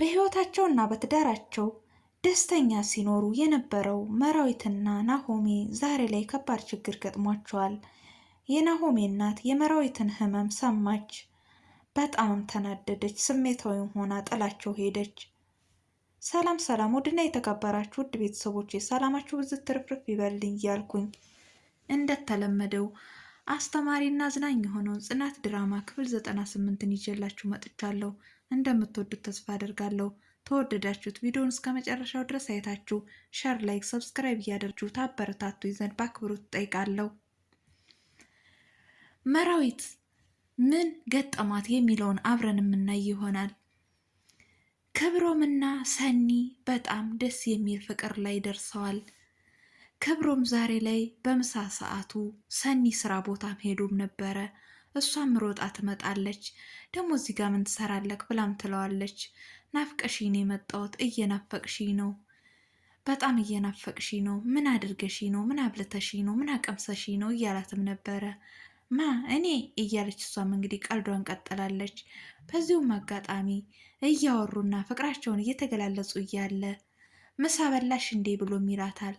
በህይወታቸውና በትዳራቸው ደስተኛ ሲኖሩ የነበረው መራዊትና ናሆሜ ዛሬ ላይ ከባድ ችግር ገጥሟቸዋል። የናሆሜ እናት የመራዊትን ህመም ሰማች። በጣም ተናደደች። ስሜታዊ ሆና ጥላቸው ሄደች። ሰላም ሰላም! ውድና የተከበራችሁ ውድ ቤተሰቦች ሰላማችሁ ብዝት ትርፍርፍ ይበልኝ እያልኩኝ እንደተለመደው አስተማሪና አዝናኝ የሆነውን ጽናት ድራማ ክፍል ዘጠና ስምንትን ይዤላችሁ መጥቻለሁ። እንደምትወዱት ተስፋ አደርጋለሁ። ተወደዳችሁት ቪዲዮውን እስከ መጨረሻው ድረስ አይታችሁ ሸር፣ ላይክ፣ ሰብስክራይብ እያደርችሁ ታበረታቱ ይዘን በአክብሮት ትጠይቃለሁ። መራዊት ምን ገጠማት የሚለውን አብረን የምናይ ይሆናል። ክብሮምና ሰኒ በጣም ደስ የሚል ፍቅር ላይ ደርሰዋል። ክብሮም ዛሬ ላይ በምሳ ሰዓቱ ሰኒ ስራ ቦታም ሄዶም ነበረ። እሷም ሮጣ ትመጣለች። ደግሞ እዚህ ጋር ምን ትሰራለክ ብላም ትለዋለች። ናፍቀሽኝ ነው የመጣሁት፣ እየናፈቅሽኝ ነው፣ በጣም እየናፈቅሽኝ ነው። ምን አድርገሽኝ ነው? ምን አብልተሽኝ ነው? ምን አቀምሰሽኝ ነው? እያላትም ነበረ ማ እኔ እያለች እሷም እንግዲህ ቀልዷን ቀጥላለች። በዚሁም አጋጣሚ እያወሩና ፍቅራቸውን እየተገላለጹ እያለ ምሳ በላሽ እንዴ ብሎም ይላታል።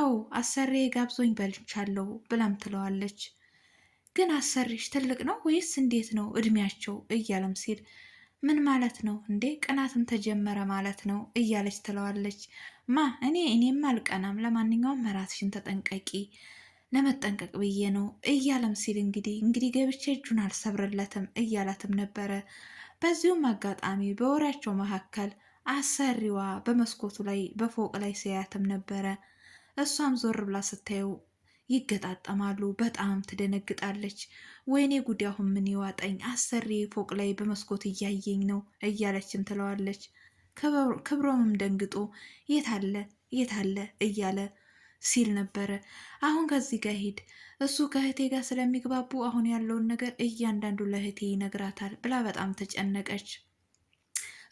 አዎ አሰሬ ጋብዞኝ በልቻለሁ ብላም ትለዋለች። ግን አሰሪሽ ትልቅ ነው ወይስ እንዴት ነው እድሜያቸው እያለም ሲል ምን ማለት ነው እንዴ ቅናትም ተጀመረ ማለት ነው እያለች ትለዋለች። ማ እኔ እኔም አልቀናም። ለማንኛውም መራትሽን ተጠንቀቂ ለመጠንቀቅ ብዬ ነው እያለም ሲል እንግዲህ እንግዲህ ገብቼ እጁን አልሰብርለትም እያላትም ነበረ። በዚሁም አጋጣሚ በወሬያቸው መካከል አሰሪዋ በመስኮቱ ላይ በፎቅ ላይ ሲያያትም ነበረ። እሷም ዞር ብላ ስታየው ይገጣጠማሉ። በጣም ትደነግጣለች። ወይኔ ጉድ አሁን ምን ይዋጠኝ፣ አሰሪ ፎቅ ላይ በመስኮት እያየኝ ነው እያለችም ትለዋለች። ክብሮምም ደንግጦ የታለ የታለ እያለ ሲል ነበረ። አሁን ከዚህ ጋር ሂድ፣ እሱ ከእህቴ ጋር ስለሚግባቡ አሁን ያለውን ነገር እያንዳንዱ ለእህቴ ይነግራታል ብላ በጣም ተጨነቀች።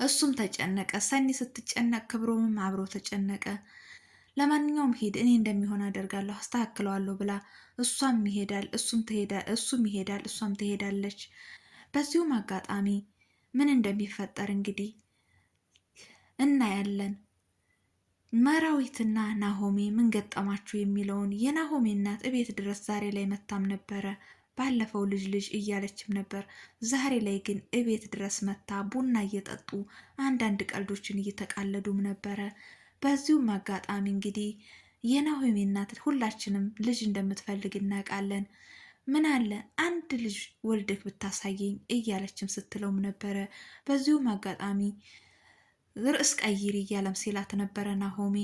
እሱም ተጨነቀ። ሰኒ ስትጨነቅ ክብሮምም አብሮ ተጨነቀ። ለማንኛውም ሂድ፣ እኔ እንደሚሆን አደርጋለሁ፣ አስተካክለዋለሁ ብላ እሷም ይሄዳል፣ እሱም ይሄዳል፣ እሷም ትሄዳለች። በዚሁም አጋጣሚ ምን እንደሚፈጠር እንግዲህ እናያለን። መራዊትና ናሆሜ ምን ገጠማችሁ የሚለውን የናሆሜ እናት እቤት ድረስ ዛሬ ላይ መታም ነበረ። ባለፈው ልጅ ልጅ እያለችም ነበር። ዛሬ ላይ ግን እቤት ድረስ መታ ቡና እየጠጡ አንዳንድ ቀልዶችን እየተቃለዱም ነበረ። በዚሁም አጋጣሚ እንግዲህ የናሆሜ እናት ሁላችንም ልጅ እንደምትፈልግ እናውቃለን። ምን አለ አንድ ልጅ ወልደክ ብታሳየኝ እያለችም ስትለውም ነበረ። በዚሁም አጋጣሚ ርዕስ ቀይር እያለም ሲላት ነበረ። ናሆሚ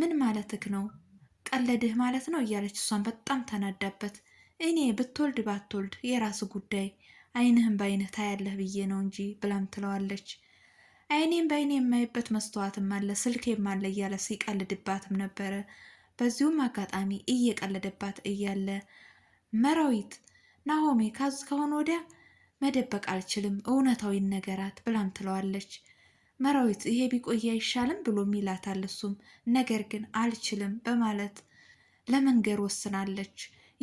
ምን ማለትክ ነው ቀለድህ ማለት ነው እያለች እሷን በጣም ተናዳበት። እኔ ብትወልድ ባትወልድ የራስ ጉዳይ፣ አይንህም በአይንህ ታያለህ ብዬ ነው እንጂ ብላም ትለዋለች። አይኔም በአይኔ የማይበት መስተዋትም አለ ስልኬም አለ እያለ ሲቀልድባትም ነበረ። በዚሁም አጋጣሚ እየቀለደባት እያለ መራዊት ናሆሜ ካዝ ከሆነ ወዲያ መደበቅ አልችልም እውነታዊን ነገራት ብላም ትለዋለች። መራዊት ይሄ ቢቆይ አይሻልም ብሎም ይላታል እሱም ነገር ግን አልችልም በማለት ለመንገር ወስናለች።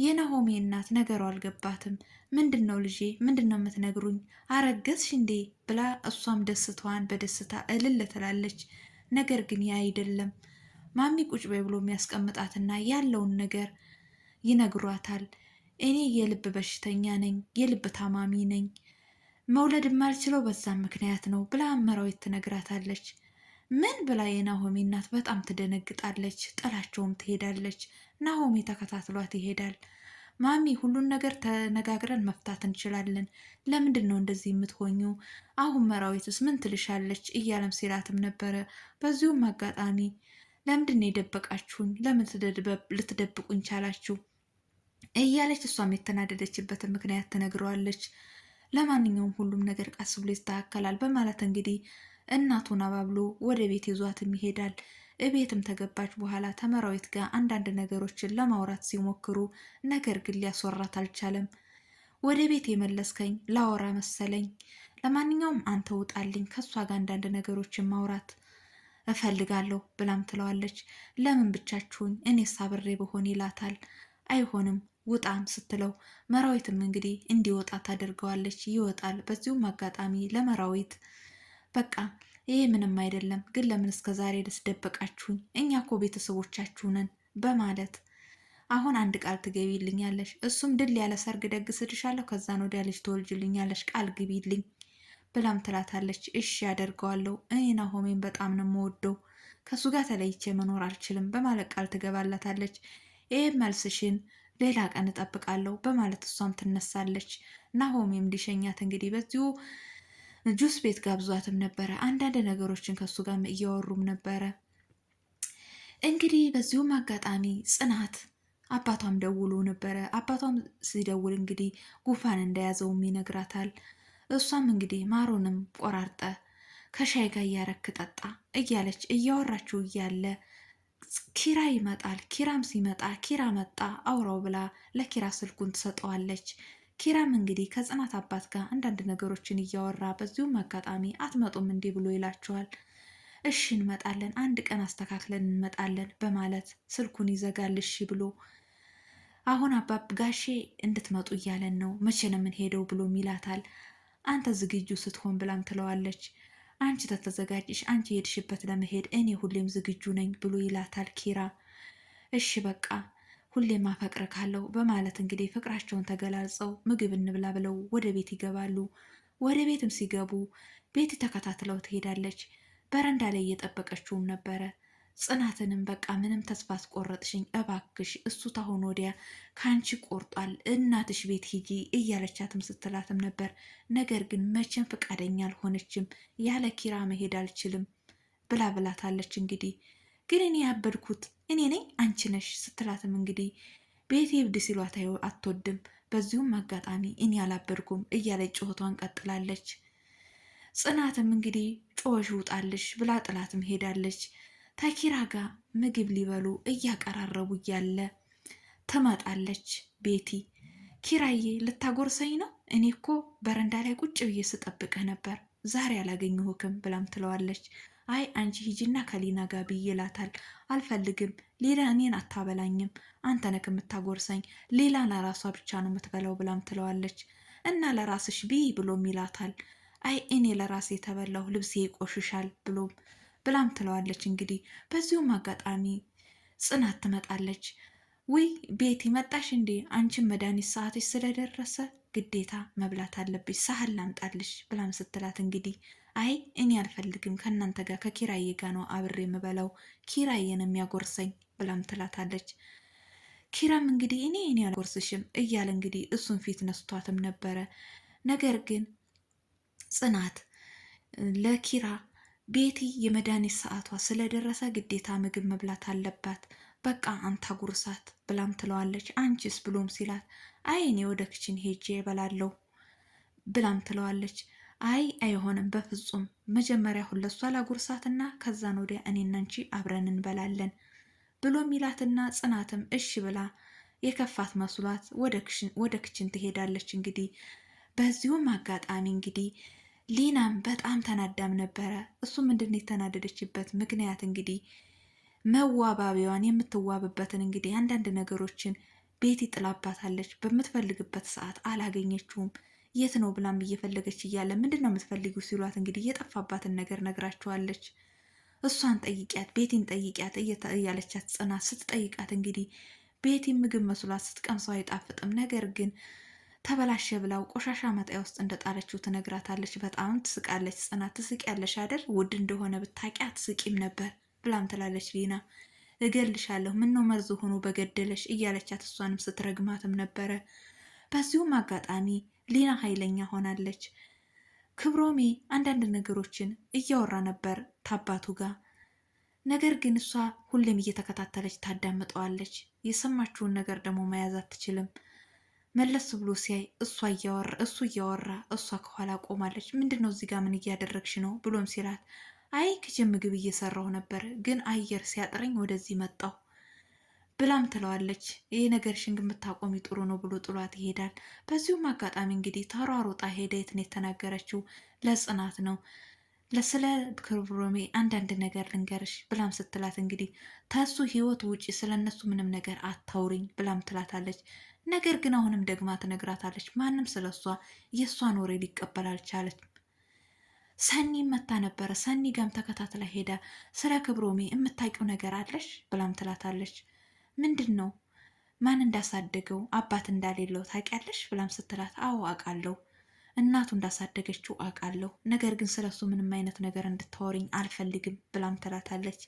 የናሆሜ እናት ነገሩ አልገባትም። ምንድን ነው ልጄ፣ ምንድን ነው የምትነግሩኝ? አረገዝሽ እንዴ ብላ እሷም ደስታዋን በደስታ እልል ትላለች። ነገር ግን ያ አይደለም። ማሚ ቁጭ በይ ብሎ የሚያስቀምጣትና ያለውን ነገር ይነግሯታል። እኔ የልብ በሽተኛ ነኝ፣ የልብ ታማሚ ነኝ፣ መውለድ የማልችለው በዛም ምክንያት ነው ብላ መራዊት ትነግራታለች። ምን ብላ የናሆሚ እናት በጣም ትደነግጣለች። ጥላቸውም ትሄዳለች። ናሆሚ ተከታትሏት ይሄዳል። ማሚ ሁሉን ነገር ተነጋግረን መፍታት እንችላለን። ለምንድን ነው እንደዚህ የምትሆኙ? አሁን መራዊትስ ምን ትልሻለች? እያለም ሲላትም ነበረ። በዚሁም አጋጣሚ ለምንድን ነው የደበቃችሁኝ? ለምን ልትደብቁኝ ቻላችሁ? እያለች እሷም የተናደደችበትን ምክንያት ትነግረዋለች። ለማንኛውም ሁሉም ነገር ቀስ ብሎ ይስተካከላል በማለት እንግዲህ እናቱን አባብሎ ወደ ቤት ይዟትም ይሄዳል። እቤትም ተገባች በኋላ ተመራዊት ጋር አንዳንድ ነገሮችን ለማውራት ሲሞክሩ ነገር ግን ሊያስወራት አልቻለም። ወደ ቤት የመለስከኝ ላወራ መሰለኝ። ለማንኛውም አንተ ውጣልኝ፣ ከእሷ ጋር አንዳንድ ነገሮችን ማውራት እፈልጋለሁ ብላም ትለዋለች። ለምን ብቻችሁኝ? እኔ ሳብሬ በሆን ይላታል። አይሆንም ውጣም ስትለው መራዊትም እንግዲህ እንዲወጣ ታደርገዋለች። ይወጣል። በዚሁም አጋጣሚ ለመራዊት በቃ ይሄ ምንም አይደለም፣ ግን ለምን እስከ ዛሬ ድረስ ደበቃችሁኝ? እኛ እኮ ቤተሰቦቻችሁ ነን በማለት አሁን አንድ ቃል ትገቢልኛለሽ፣ እሱም ድል ያለ ሰርግ ደግስልሻለሁ፣ ከዛን ወዲያ ልጅ ትወልጅልኛለሽ፣ ቃል ግቢልኝ ብላም ትላታለች። እሺ ያደርገዋለሁ፣ እኔ ናሆሜን በጣም ነው የምወደው፣ ከእሱ ጋር ተለይቼ መኖር አልችልም በማለት ቃል ትገባላታለች። ይህ መልስሽን ሌላ ቀን እጠብቃለሁ በማለት እሷም ትነሳለች። ናሆሜም ሊሸኛት እንግዲህ በዚሁ ጁስ ቤት ጋብዟትም ነበረ። አንዳንድ ነገሮችን ከሱ ጋር እያወሩም ነበረ። እንግዲህ በዚሁም አጋጣሚ ጽናት አባቷም ደውሎ ነበረ። አባቷም ሲደውል እንግዲህ ጉንፋን እንደያዘውም ይነግራታል። እሷም እንግዲህ ማሮንም ቆራርጠ ከሻይ ጋር እያረክ ጠጣ እያለች እያወራችው እያለ ኪራ ይመጣል። ኪራም ሲመጣ ኪራ መጣ አውራው ብላ ለኪራ ስልኩን ትሰጠዋለች። ኪራም እንግዲህ ከጽናት አባት ጋር አንዳንድ ነገሮችን እያወራ በዚሁም አጋጣሚ አትመጡም እንዲህ ብሎ ይላቸዋል። እሺ እንመጣለን፣ አንድ ቀን አስተካክለን እንመጣለን በማለት ስልኩን ይዘጋል። እሺ ብሎ አሁን አባብ ጋሼ እንድትመጡ እያለን ነው፣ መቼ ነው የምንሄደው ብሎም ይላታል። አንተ ዝግጁ ስትሆን ብላም ትለዋለች። አንቺ ተተዘጋጅሽ፣ አንቺ ሄድሽበት ለመሄድ እኔ ሁሌም ዝግጁ ነኝ ብሎ ይላታል ኪራ። እሺ በቃ ሁሌም ካለው በማለት እንግዲህ ፍቅራቸውን ተገላልጸው ምግብ እንብላ ብለው ወደ ቤት ይገባሉ። ወደ ቤትም ሲገቡ ቤት ተከታትለው ትሄዳለች። በረንዳ ላይ እየጠበቀችውም ነበረ። ጽናትንም በቃ ምንም ተስፋ አስቆረጥሽኝ፣ እባክሽ እሱ ታሁን ወዲያ ከአንቺ ቆርጧል፣ እናትሽ ቤት ሂጂ እያለቻትም ስትላትም ነበር። ነገር ግን መቼም ፈቃደኛ አልሆነችም። ያለ ኪራ መሄድ አልችልም ብላ ብላታለች እንግዲህ ግን እኔ ያበድኩት እኔ ነኝ አንቺ ነሽ ስትላትም እንግዲህ ቤት እብድ ሲሏት አትወድም። በዚሁም አጋጣሚ እኔ አላበድኩም እያለች ጩኸቷን ቀጥላለች። ጽናትም እንግዲህ ጮኸሽ ውጣልሽ ብላ ጥላትም ሄዳለች። ተኪራ ጋር ምግብ ሊበሉ እያቀራረቡ እያለ ትመጣለች ቤቲ። ኪራዬ ልታጎርሰኝ ነው? እኔ እኮ በረንዳ ላይ ቁጭ ብዬ ስጠብቅህ ነበር ዛሬ አላገኘሁህም ብላም ትለዋለች። አይ አንቺ ሂጂና ከሊና ጋቢ ይላታል። አልፈልግም፣ ሌላ እኔን አታበላኝም፣ አንተ ነህ የምታጎርሰኝ፣ ሌላ ለራሷ ብቻ ነው የምትበላው ብላም ትለዋለች። እና ለራስሽ ቢ ብሎም ይላታል። አይ እኔ ለራሴ የተበላሁ ልብሴ ይቆሽሻል ብሎም ብላም ትለዋለች። እንግዲህ በዚሁም አጋጣሚ ጽናት ትመጣለች። ውይ ቤቲ መጣሽ እንዴ? አንቺን መድኃኒት ሰዓትሽ ስለደረሰ ግዴታ መብላት አለብሽ ሳህን ላምጣልሽ ብላም ስትላት እንግዲህ አይ እኔ አልፈልግም ከእናንተ ጋር ከኪራዬ ጋር ነው አብሬ የምበላው ኪራዬን የሚያጎርሰኝ ብላም ትላታለች። ኪራም እንግዲህ እኔ እኔ አልጎርስሽም እያለ እንግዲህ እሱን ፊት ነስቷትም ነበረ። ነገር ግን ጽናት ለኪራ ቤቲ የመድኃኒት ሰዓቷ ስለደረሰ ግዴታ ምግብ መብላት አለባት። በቃ አንታ ጉርሳት ብላም ትለዋለች። አንቺስ ብሎም ሲላት አይ እኔ ወደ ክችን ሄጄ እበላለሁ ብላም ትለዋለች። አይ አይሆንም፣ በፍጹም መጀመሪያ ሁለሷ ላጉርሳትና ከዛን ወዲያ እኔና አንቺ አብረን እንበላለን ብሎም ይላትና ጽናትም እሺ ብላ የከፋት መስሏት ወደ ክችን ትሄዳለች። እንግዲህ በዚሁም አጋጣሚ እንግዲህ ሊናም በጣም ተናዳም ነበረ። እሱ ምንድን የተናደደችበት ምክንያት እንግዲህ መዋባቢዋን የምትዋብበትን እንግዲህ አንዳንድ ነገሮችን ቤቲ ጥላባታለች። በምትፈልግበት ሰዓት አላገኘችውም። የት ነው ብላም እየፈለገች እያለ ምንድን ነው የምትፈልጊው ሲሏት እንግዲህ የጠፋባትን ነገር ነግራቸዋለች። እሷን ጠይቂያት፣ ቤቲን ጠይቂያት እያለቻት ጽናት ስትጠይቃት እንግዲህ ቤቲ ምግብ መስሏት ስትቀምሰው አይጣፍጥም፣ ነገር ግን ተበላሸ ብላው ቆሻሻ መጣያ ውስጥ እንደጣለችው ትነግራታለች። በጣም ትስቃለች። ጽናት ትስቅ ያለሽ ውድ እንደሆነ ብታቂያ ትስቂም ነበር ብላም ትላለች ሊና። እገልሻለሁ ነው መርዝ ሆኖ በገደለሽ እያለቻት እሷንም ስትረግማትም ነበረ። በዚሁም አጋጣሚ ሊና ኃይለኛ ሆናለች። ክብሮሜ አንዳንድ ነገሮችን እያወራ ነበር ታባቱ ጋር። ነገር ግን እሷ ሁሌም እየተከታተለች ታዳምጠዋለች። የሰማችውን ነገር ደግሞ መያዝ አትችልም። መለስ ብሎ ሲያይ እሷ እያወራ እሱ እያወራ እሷ ከኋላ ቆማለች። ምንድን ነው እዚህ ጋር ምን እያደረግሽ ነው ብሎም ሲላት አይ ክችን ምግብ እየሰራሁ ነበር፣ ግን አየር ሲያጥረኝ ወደዚህ መጣሁ ብላም ትለዋለች። ይህ ነገርሽን ግን ብታቆሚ ጥሩ ነው ብሎ ጥሏት ይሄዳል። በዚሁም አጋጣሚ እንግዲህ ተሯሩጣ ሄደ። የት ነው የተናገረችው? ለጽናት ነው ለስለ ክብሮሜ አንዳንድ ነገር ልንገርሽ ብላም ስትላት እንግዲህ ተሱ ህይወት ውጪ ስለ እነሱ ምንም ነገር አታውሪኝ ብላም ትላታለች። ነገር ግን አሁንም ደግማ ትነግራታለች። ማንም ስለ እሷ የእሷን ወሬ ሊቀበል አልቻለች። ሰኒ መታ ነበረ። ሰኒ ጋም ተከታትላ ሄዳ ስለ ክብሮሜ የምታውቂው ነገር አለሽ ብላም ትላታለች። ምንድን ነው ማን እንዳሳደገው አባት እንዳሌለው ታውቂያለሽ ብላም ስትላት፣ አዎ አውቃለሁ፣ እናቱ እንዳሳደገችው አውቃለሁ፣ ነገር ግን ስለሱ ምንም አይነት ነገር እንድታወሪኝ አልፈልግም ብላም ትላታለች።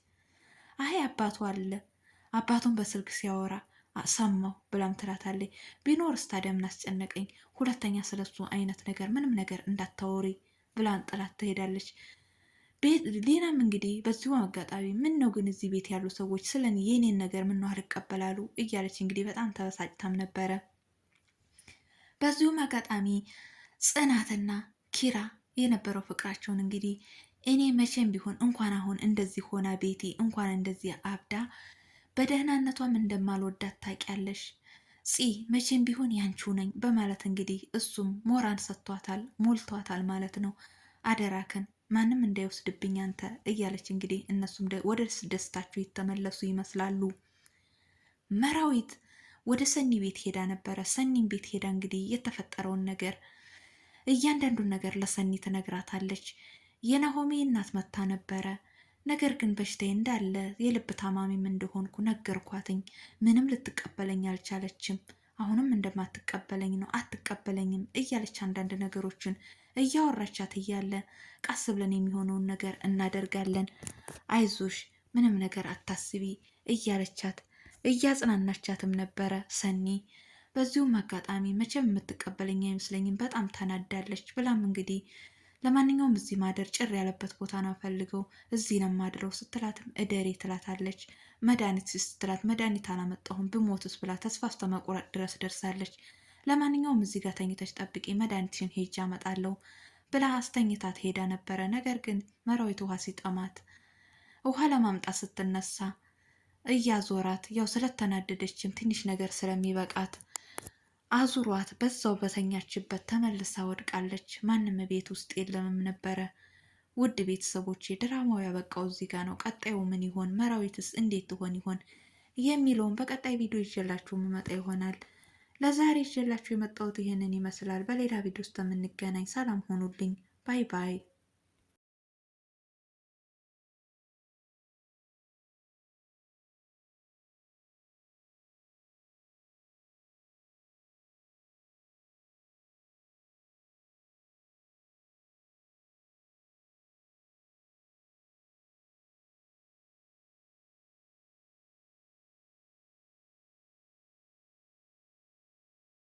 አይ አባቱ አለ፣ አባቱን በስልክ ሲያወራ ሰማሁ ብላም ትላታለች። ቢኖርስ ታዲያ ምን አስጨነቀኝ? ሁለተኛ ስለሱ አይነት ነገር ምንም ነገር እንዳታወሪ ብላን ጥላት ትሄዳለች። ሌላም እንግዲህ በዚሁ አጋጣሚ ምን ነው ግን እዚህ ቤት ያሉ ሰዎች ስለ የኔን ነገር ምን ነው አልቀበላሉ እያለች እንግዲህ በጣም ተበሳጭታም ነበረ። በዚሁም አጋጣሚ ጽናትና ኪራ የነበረው ፍቅራቸውን እንግዲህ እኔ መቼም ቢሆን እንኳን አሁን እንደዚህ ሆና ቤቴ እንኳን እንደዚህ አብዳ በደህናነቷም እንደማልወዳት ታውቂያለሽ ፂ መቼም ቢሆን ያንቺው ነኝ በማለት እንግዲህ እሱም ሞራን ሰጥቷታል፣ ሞልቷታል ማለት ነው። አደራክን ማንም እንዳይወስድብኝ አንተ እያለች እንግዲህ እነሱም ወደ ደስታቸው የተመለሱ ይመስላሉ። መራዊት ወደ ሰኒ ቤት ሄዳ ነበረ። ሰኒም ቤት ሄዳ እንግዲህ የተፈጠረውን ነገር እያንዳንዱን ነገር ለሰኒ ትነግራታለች። የናሆሜ እናት መታ ነበረ። ነገር ግን በሽታ እንዳለ የልብ ታማሚም እንደሆንኩ ነገርኳትኝ። ምንም ልትቀበለኝ አልቻለችም። አሁንም እንደማትቀበለኝ ነው፣ አትቀበለኝም እያለች አንዳንድ ነገሮችን እያወራቻት እያለ ቀስ ብለን የሚሆነውን ነገር እናደርጋለን፣ አይዞሽ፣ ምንም ነገር አታስቢ እያለቻት እያጽናናቻትም ነበረ ሰኒ። በዚሁም አጋጣሚ መቼም የምትቀበለኝ አይመስለኝም፣ በጣም ታናዳለች ብላም እንግዲህ ለማንኛውም እዚህ ማደር ጭር ያለበት ቦታ ነው ፈልገው እዚህ ነው ማድረው ስትላትም እደሬ ትላታለች። መድኃኒት ስትላት መድኃኒት አላመጣሁም ብሞትስ ብላ ተስፋ እስከ መቁረጥ ድረስ ደርሳለች። ለማንኛውም እዚህ ጋር ተኝተች ጠብቂ፣ መድኃኒትሽን ሄጅ አመጣለሁ ብላ አስተኝታት ሄዳ ነበረ። ነገር ግን መራዊት ውሃ ሲጠማት ውሃ ለማምጣት ስትነሳ እያዞራት ያው ስለተናደደችም ትንሽ ነገር ስለሚበቃት አዙሯት በዛው በተኛችበት ተመልሳ ወድቃለች። ማንም ቤት ውስጥ የለምም ነበረ። ውድ ቤተሰቦች ድራማው ያበቃው እዚህ ጋር ነው። ቀጣዩ ምን ይሆን? መራዊትስ እንዴት ትሆን ይሆን የሚለውን በቀጣይ ቪዲዮ ይዤላችሁ መመጣ ይሆናል። ለዛሬ ይዤላችሁ የመጣሁት ይህንን ይመስላል። በሌላ ቪዲዮ ውስጥ የምንገናኝ። ሰላም ሆኑልኝ። ባይ ባይ